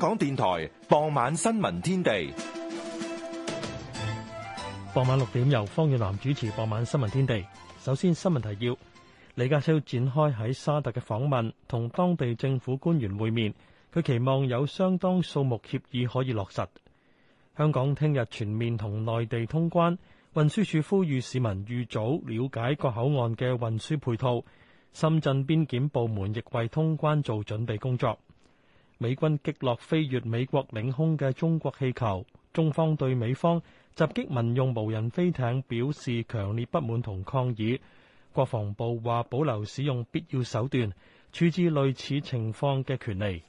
香港電台傍晚新聞天地，傍晚六點由方月南主持。傍晚新聞天地，首先新聞提要：李家超展開喺沙特嘅訪問，同當地政府官員會面，佢期望有相當數目協議可以落實。香港聽日全面同內地通關，運輸署呼籲市民預早了解各口岸嘅運輸配套。深圳邊檢部門亦為通關做準備工作。美軍擊落飛越美國領空嘅中國氣球，中方對美方襲擊民用無人飛艇表示強烈不滿同抗議。國防部話保留使用必要手段，處置類似情況嘅權利。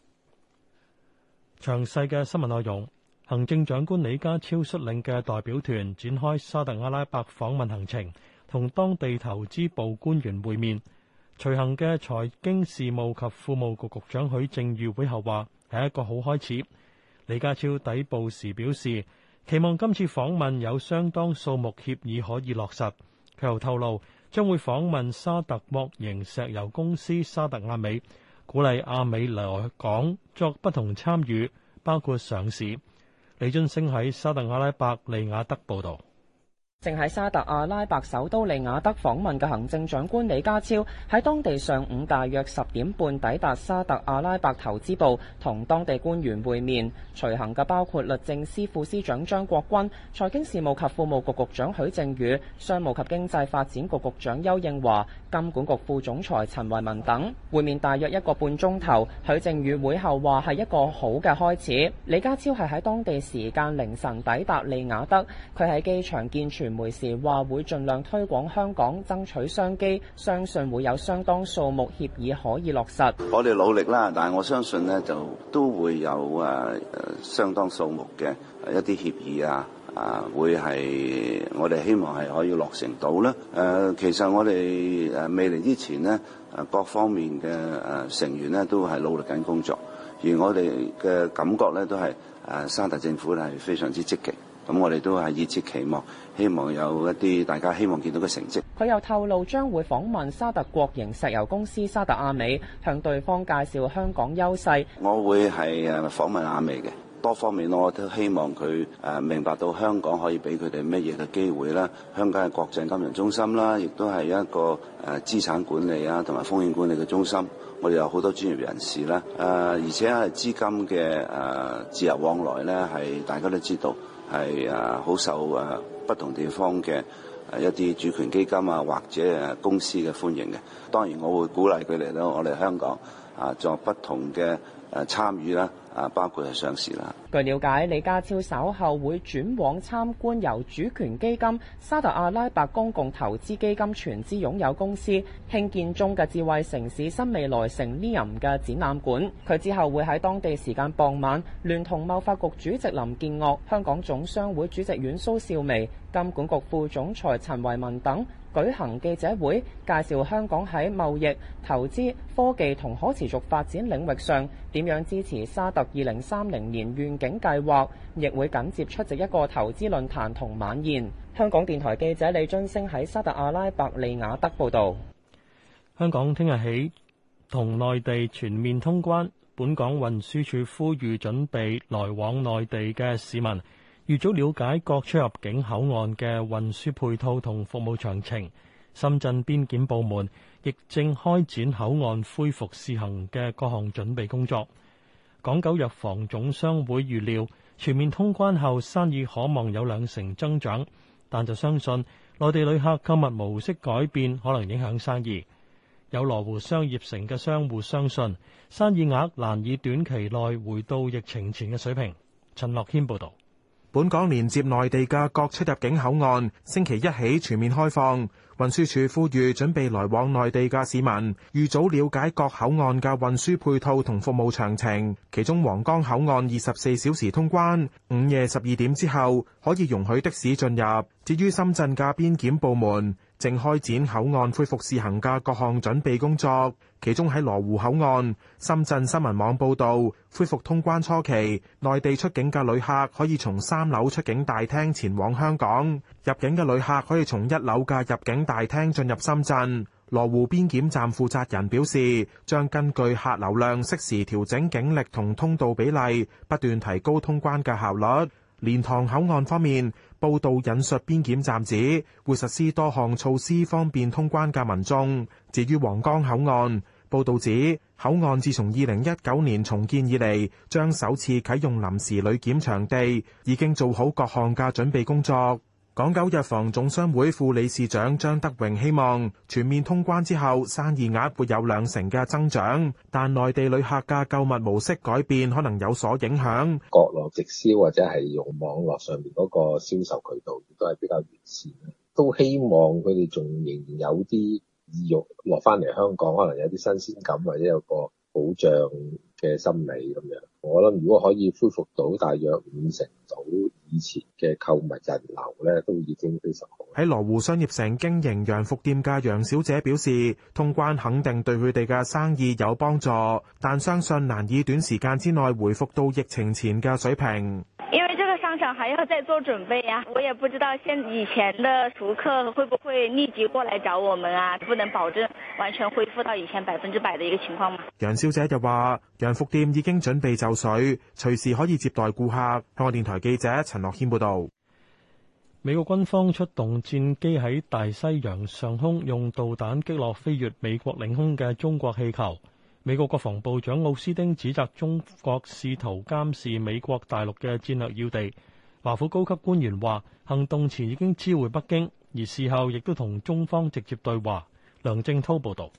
詳細嘅新聞內容。行政長官李家超率領嘅代表團展開沙特阿拉伯訪問行程，同當地投資部官員會面。隨行嘅財經事務及庫務局局長許正宇會後話：係一個好開始。李家超抵埗時表示，期望今次訪問有相當數目協議可以落實。佢又透露，將會訪問沙特莫營石油公司沙特阿美，鼓勵阿美來港作不同參與，包括上市。李俊升喺沙特阿拉伯利雅得報道。正喺沙特阿拉伯首都利雅得訪問嘅行政長官李家超，喺當地上午大約十點半抵達沙特阿拉伯投資部，同當地官員會面。隨行嘅包括律政司副司長張國軍、財經事務及庫務局局，局長許正宇、商務及經濟發展局局長邱應華、金管局副總裁陳維民等。會面大約一個半鐘頭。許正宇會後話係一個好嘅開始。李家超係喺當地時間凌晨抵達利雅得，佢喺機場見全。時會事話會盡量推廣香港，爭取商機，相信會有相當數目協議可以落實。我哋努力啦，但我相信呢，就都會有相當數目嘅一啲協議啊，啊，會係我哋希望係可以落成到啦。其實我哋未嚟之前呢，各方面嘅成員呢，都係努力緊工作，而我哋嘅感覺咧都係沙特政府係非常之積極。咁我哋都係熱切期望，希望有一啲大家希望見到嘅成績。佢又透露將會訪問沙特國營石油公司沙特亞美，向對方介紹香港優勢。我會係誒訪問亞美嘅多方面，我都希望佢誒明白到香港可以俾佢哋乜嘢嘅機會啦。香港係國際金融中心啦，亦都係一個誒資產管理啊同埋風險管理嘅中心。我哋有好多專業人士啦，誒而且係資金嘅誒自由往來咧，係大家都知道。係啊，好受啊，不同地方嘅一啲主權基金啊，或者公司嘅歡迎嘅。當然，我會鼓勵佢哋嚟到我哋香港，啊，作不同嘅誒參與啦，啊，包括係上市啦。據了解，李家超稍後會轉往參觀由主權基金沙特阿拉伯公共投資基金全資擁有公司興建中嘅智慧城市新未來城呢任嘅展覽館。佢之後會喺當地時間傍晚聯同貿發局主席林建岳、香港總商會主席阮蘇少薇、金管局副總裁陳維民等。舉行記者會，介紹香港喺貿易、投資、科技同可持續發展領域上點樣支持沙特二零三零年願景計劃，亦會緊接出席一個投資論壇同晚宴。香港電台記者李津星喺沙特阿拉伯利雅得報導。香港聽日起同內地全面通關，本港運輸署呼籲準備來往內地嘅市民。預早了解各出入境口岸嘅運輸配套同服務詳情。深圳邊檢部門亦正開展口岸恢復試行嘅各項準備工作。港九藥房總商會預料全面通關後生意可望有兩成增長，但就相信內地旅客購物模式改變可能影響生意。有羅湖商業城嘅商戶相信生意額難以短期內回到疫情前嘅水平。陳樂軒報導。本港連接內地嘅各出入境口岸，星期一起全面開放。運輸署呼籲準備來往內地嘅市民，預早了解各口岸嘅運輸配套同服務詳情。其中黃岡口岸二十四小時通關，午夜十二點之後可以容許的士進入。至於深圳嘅邊檢部門，正開展口岸恢復試行嘅各項準備工作，其中喺羅湖口岸，深圳新聞網報導，恢復通關初期，內地出境嘅旅客可以從三樓出境大廳前往香港，入境嘅旅客可以從一樓嘅入境大廳進入深圳。羅湖邊檢站負責人表示，將根據客流量適時調整警力同通道比例，不斷提高通關嘅效率。蓮塘口岸方面。報道引述邊檢站指會實施多項措施，方便通關嘅民眾。至於黃崗口岸，報道指口岸自從二零一九年重建以嚟，將首次啟用臨時旅檢場地，已經做好各項嘅準備工作。港九日房總商會副理事長張德榮，希望全面通關之後，生意額會有兩成嘅增長，但內地旅客嘅購物模式改變，可能有所影響。國內直銷或者係用網絡上面嗰個銷售渠道亦都係比較完善的，都希望佢哋仲仍然有啲意欲落翻嚟香港，可能有啲新鮮感或者有個。保障嘅心理咁樣，我諗如果可以恢復到大約五成早以前嘅購物人流咧，都已經非常好。喺羅湖商業城經營洋服店嘅楊小姐表示，通關肯定對佢哋嘅生意有幫助，但相信難以短時間之內回復到疫情前嘅水平。因為這個商場還要再做準備呀、啊，我也不知道現以前的熟客會不會立即過來找我們啊，不能保證。完全恢復到以前百分之百的一個情況嗎？楊小姐就話：洋服店已經準備就緒，隨時可以接待顧客。香港電台記者陳樂軒報導。美國軍方出動戰機喺大西洋上空用導彈擊落飛越美國領空嘅中國氣球。美國國防部長奧斯汀指責中國試圖監視美國大陸嘅戰略要地。華府高級官員話：行動前已經知會北京，而事後亦都同中方直接對話。梁正濤報道。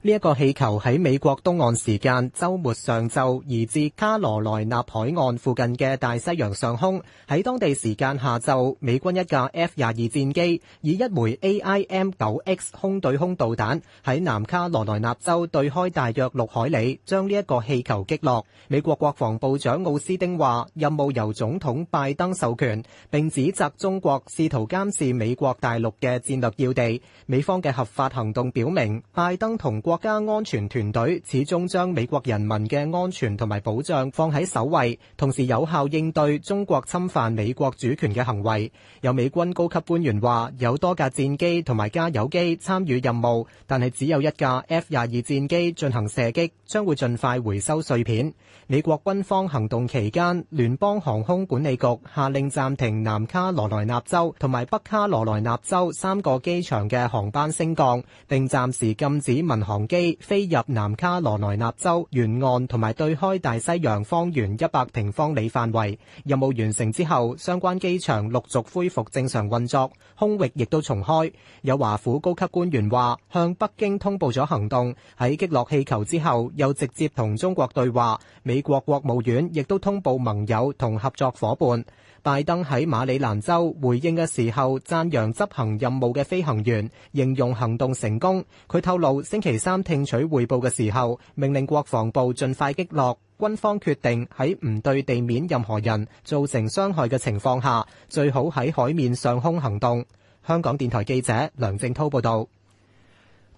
呢一個氣球喺美國東岸時間周末上晝移至卡羅萊納海岸附近嘅大西洋上空，喺當地時間下晝，美軍一架 F 廿二戰機以一枚 AIM 九 X 空對空導彈喺南卡羅萊納州對開大約六海里，將呢一個氣球擊落。美國國防部長奧斯汀話，任務由總統拜登授權，並指責中國試圖監視美國大陸嘅戰略要地。美方嘅合法行動表明，拜登同國家安全團隊始終將美國人民嘅安全同埋保障放喺首位，同時有效應對中國侵犯美國主權嘅行為。有美軍高級官員話，有多架戰機同埋加油機參與任務，但係只有一架 F 廿二戰機進行射擊，將會盡快回收碎片。美國軍方行動期間，聯邦航空管理局下令暫停南卡羅來納州同埋北卡羅來納州三個機場嘅航班升降，並暫時禁止民航機飛入南卡羅來納州沿岸同埋對開大西洋，方圓一百平方里範圍。任務完成之後，相關機場陸續恢復正常運作，空域亦都重開。有華府高級官員話，向北京通報咗行動。喺擊落氣球之後，又直接同中國對話。美國國務院亦都通報盟友同合作夥伴。拜登喺馬里蘭州回應嘅時候，讚揚執行任務嘅飛行員，形容行動成功。佢透露星期三。啱聽取匯報嘅時候，命令國防部盡快擊落，軍方決定喺唔對地面任何人造成傷害嘅情況下，最好喺海面上空行動。香港電台記者梁正濤報道。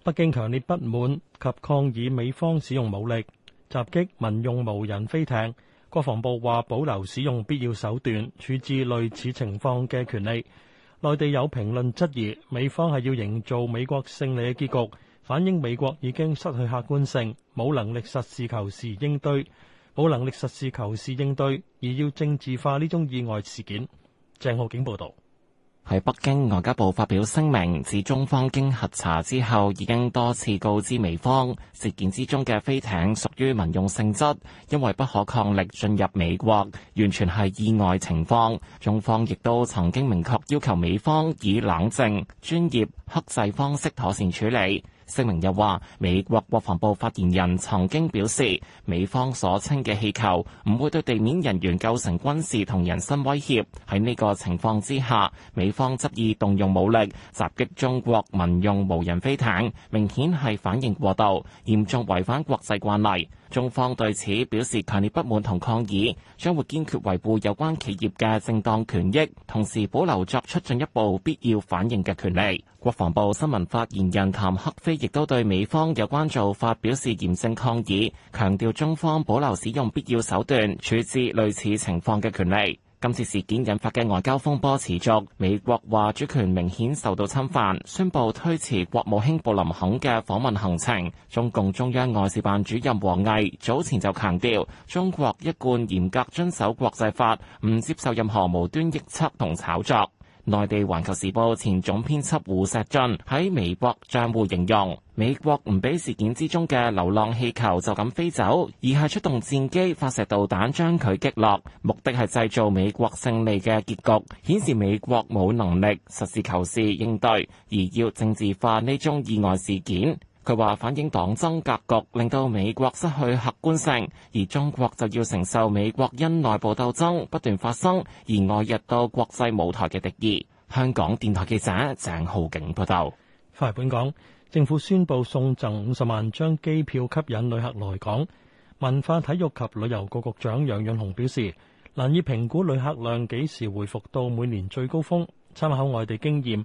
北京強烈不滿及抗議美方使用武力襲擊民用無人飛艇。國防部話保留使用必要手段處置類似情況嘅權利。內地有評論質疑美方係要營造美國勝利嘅結局。反映美國已經失去客觀性，冇能力實事求是應對，冇能力實事求是應對，而要政治化呢種意外事件。鄭浩景報導。喺北京外交部發表聲明，指中方經核查之後已經多次告知美方，事件之中嘅飛艇屬於民用性質，因為不可抗力進入美國，完全係意外情況。中方亦都曾經明確要求美方以冷靜、專業、克制方式妥善處理。聲明又話，美國國防部發言人曾經表示，美方所稱嘅氣球唔會對地面人員構成軍事同人身威脅。喺呢個情況之下，美方執意動用武力襲擊中國民用無人飛艇，明顯係反應過度，嚴重違反國際慣例。中方對此表示強烈不滿同抗議，將會堅決維護有關企業嘅正當權益，同時保留作出進一步必要反應嘅權利。國防部新聞發言人譚克非亦都對美方有關做法表示嚴正抗議，強調中方保留使用必要手段處置類似情況嘅權利。今次事件引發嘅外交風波持續，美國話主權明顯受到侵犯，宣布推遲國務卿布林肯嘅訪問行程。中共中央外事辦主任王毅早前就強調，中國一貫嚴格遵守國際法，唔接受任何無端臆測同炒作。內地環球時報前總編輯胡錫進喺微博賬戶形容：美國唔俾事件之中嘅流浪氣球就咁飛走，而係出動戰機發射導彈將佢擊落，目的係製造美國勝利嘅結局，顯示美國冇能力實事求是應對，而要政治化呢宗意外事件。佢話反映黨爭格局，令到美國失去客觀性，而中國就要承受美國因內部鬥爭不斷發生而外溢到國際舞台嘅敵意。香港電台記者鄭浩景報導。喺本港政府宣布送贈五十萬張機票吸引旅客來港，文化體育及旅遊局局長楊潤雄表示，難以評估旅客量幾時回復到每年最高峰，參考外地經驗，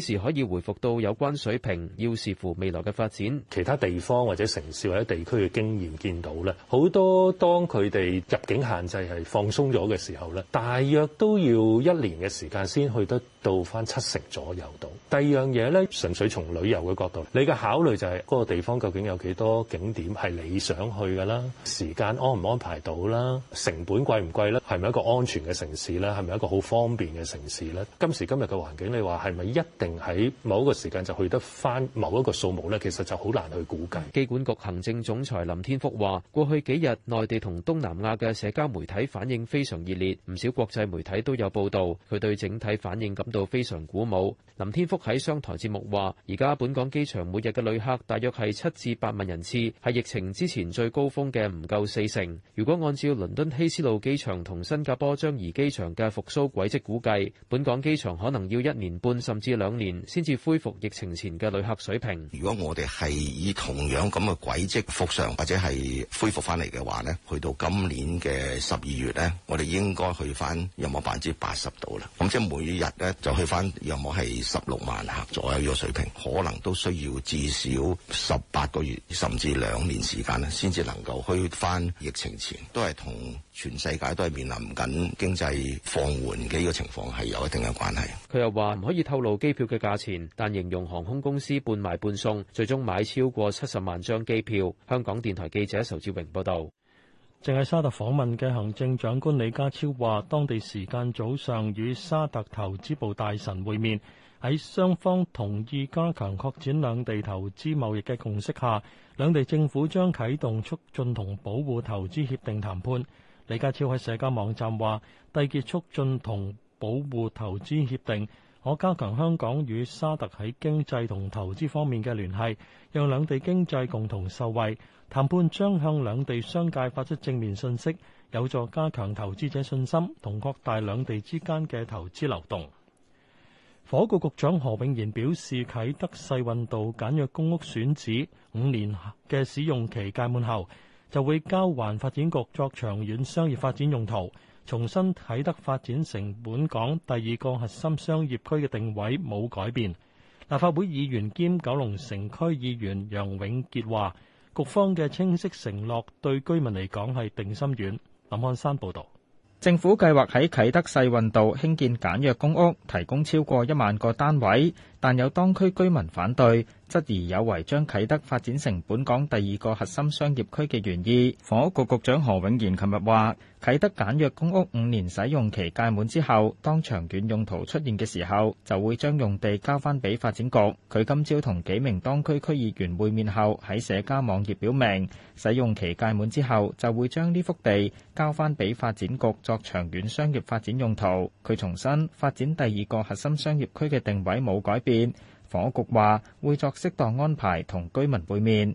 時可以回復到有關水平，要視乎未來嘅發展，其他地方或者城市或者地區嘅經驗見到咧，好多當佢哋入境限制係放鬆咗嘅時候咧，大約都要一年嘅時間先去得到返七成左右。到第二樣嘢咧，純粹從旅遊嘅角度，你嘅考慮就係嗰個地方究竟有幾多景點係你想去噶啦，時間安唔安排到啦，成本貴唔貴咧，係咪一個安全嘅城市咧，係咪一個好方便嘅城市咧？今時今日嘅環境，你話係咪一？定喺某一個時間就去得翻某一個數目呢，其實就好難去估計。機管局行政總裁林天福話，過去幾日內地同東南亞嘅社交媒體反應非常熱烈，唔少國際媒體都有報導。佢對整體反應感到非常鼓舞。林天福喺商台節目話，而家本港機場每日嘅旅客大約係七至八萬人次，係疫情之前最高峰嘅唔夠四成。如果按照倫敦希斯路機場同新加坡樟宜機場嘅復甦軌跡估計，本港機場可能要一年半甚至兩兩年先至恢復疫情前嘅旅客水平。如果我哋係以同樣咁嘅軌跡復上，或者係恢復翻嚟嘅話呢，去到今年嘅十二月呢，我哋應該去翻有冇百分之八十度啦。咁即係每日呢，就去翻有冇係十六萬客左右嘅水平，可能都需要至少十八個月甚至兩年時間呢先至能夠去翻疫情前，都係同。全世界都係面臨緊經濟放緩嘅呢個情況，係有一定嘅關係。佢又話唔可以透露機票嘅價錢，但形容航空公司半賣半送，最終買超過七十萬張機票。香港電台記者仇志榮報導。正係沙特訪問嘅行政長官李家超話，當地時間早上與沙特投資部大臣會面，喺雙方同意加強擴展兩地投資貿易嘅共識下，兩地政府將啟動促進同保護投資協定談判。李家超喺社交網站話：締結促進同保護投資協定可加強香港與沙特喺經濟同投資方面嘅聯繫，讓兩地經濟共同受惠。談判將向兩地商界發出正面信息，有助加強投資者信心同擴大兩地之間嘅投資流動。火局局長何永賢表示：啟德世運道簡約公屋選址五年嘅使用期屆滿後，就會交還發展局作長遠商業發展用途，重新啟德發展成本港第二個核心商業區嘅定位冇改變。立法會議員兼九龍城區議員楊永傑話，局方嘅清晰承諾對居民嚟講係定心丸。林漢山報導。政府計劃喺啟德世運道興建簡約公屋，提供超過一萬個單位。但有當區居民反對，質疑有違將啟德發展成本港第二個核心商業區嘅原意。房屋局局長何永賢琴日話：啟德簡約公屋五年使用期屆滿之後，當長遠用途出現嘅時候，就會將用地交翻俾發展局。佢今朝同幾名當區區議員會面後，喺社交網頁表明，使用期屆滿之後就會將呢幅地交翻俾發展局作長遠商業發展用途。佢重申，發展第二個核心商業區嘅定位冇改變。房屋局話會作適當安排同居民會面。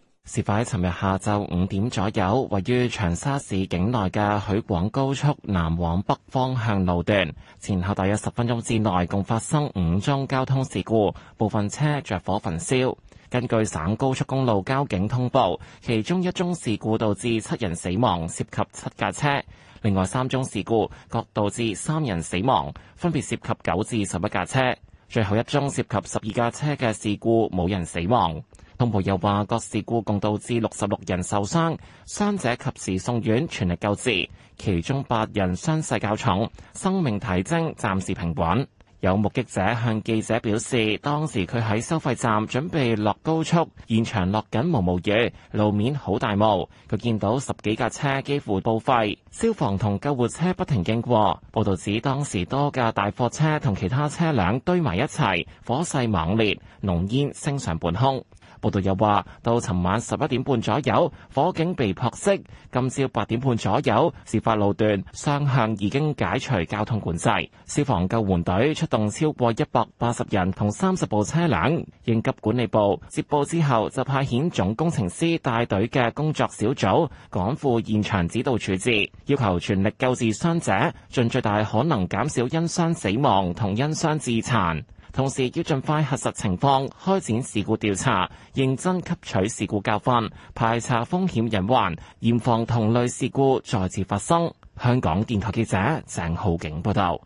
事發喺尋日下晝五點左右，位於長沙市境內嘅許廣高速南往北方向路段，前後大約十分鐘之內共發生五宗交通事故，部分車着火焚燒。根據省高速公路交警通報，其中一宗事故導致七人死亡，涉及七架車；另外三宗事故各導致三人死亡，分別涉及九至十一架車；最後一宗涉及十二架車嘅事故，冇人死亡。通報又話，各事故共導致六十六人受傷，傷者及時送院全力救治，其中八人傷勢較重，生命體徵暫時平穩。有目擊者向記者表示，當時佢喺收費站準備落高速，現場落緊毛毛雨，路面好大霧。佢見到十幾架車幾乎報廢，消防同救護車不停經過。報道指，當時多架大貨車同其他車輛堆埋一齊，火勢猛烈，濃煙升上半空。報道又話，到尋晚十一點半左右，火警被撲熄。今朝八點半左右，事發路段雙向已經解除交通管制。消防救援隊出動超過一百八十人同三十部車輛。應急管理部接報之後，就派遣總工程師帶隊嘅工作小組趕赴現場指導處置，要求全力救治傷者，盡最大可能減少因傷死亡同因傷致殘。同時要盡快核實情況，開展事故調查，認真吸取事故教訓，排查風險隱患，嚴防同類事故再次發生。香港電台記者鄭浩景報道。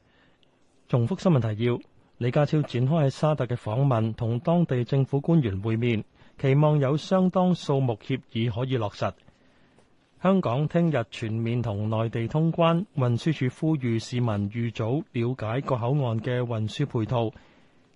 重複新聞提要：李家超展開喺沙特嘅訪問，同當地政府官員會面，期望有相當數目協議可以落實。香港聽日全面同內地通關，運輸署呼籲市民預早了解各口岸嘅運輸配套。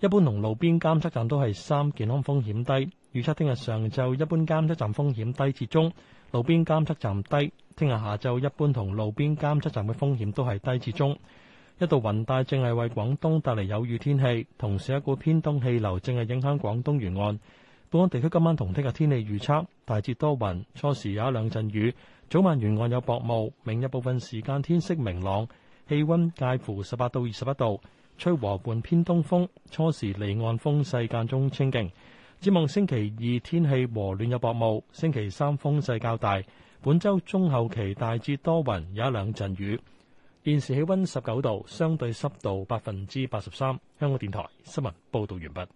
一般同路邊監測站都係三，健康風險低，預測聽日上晝一般監測站風險低至中，路邊監測站低。聽日下晝一般同路邊監測站嘅風險都係低至中。一道雲帶正係為廣東帶嚟有雨天氣，同時一股偏東氣流正係影響廣東沿岸。本港地區今晚同聽日天氣預測大致多雲，初時有一兩陣雨，早晚沿岸有薄霧，明日部分時間天色明朗，氣温介乎十八到二十一度。吹和緩偏東風，初時離岸風勢間中清勁。展望星期二天氣和暖有薄霧，星期三風勢較大。本週中後期大致多雲，有一兩陣雨。現時氣溫十九度，相對濕度百分之八十三。香港電台新聞報導完畢。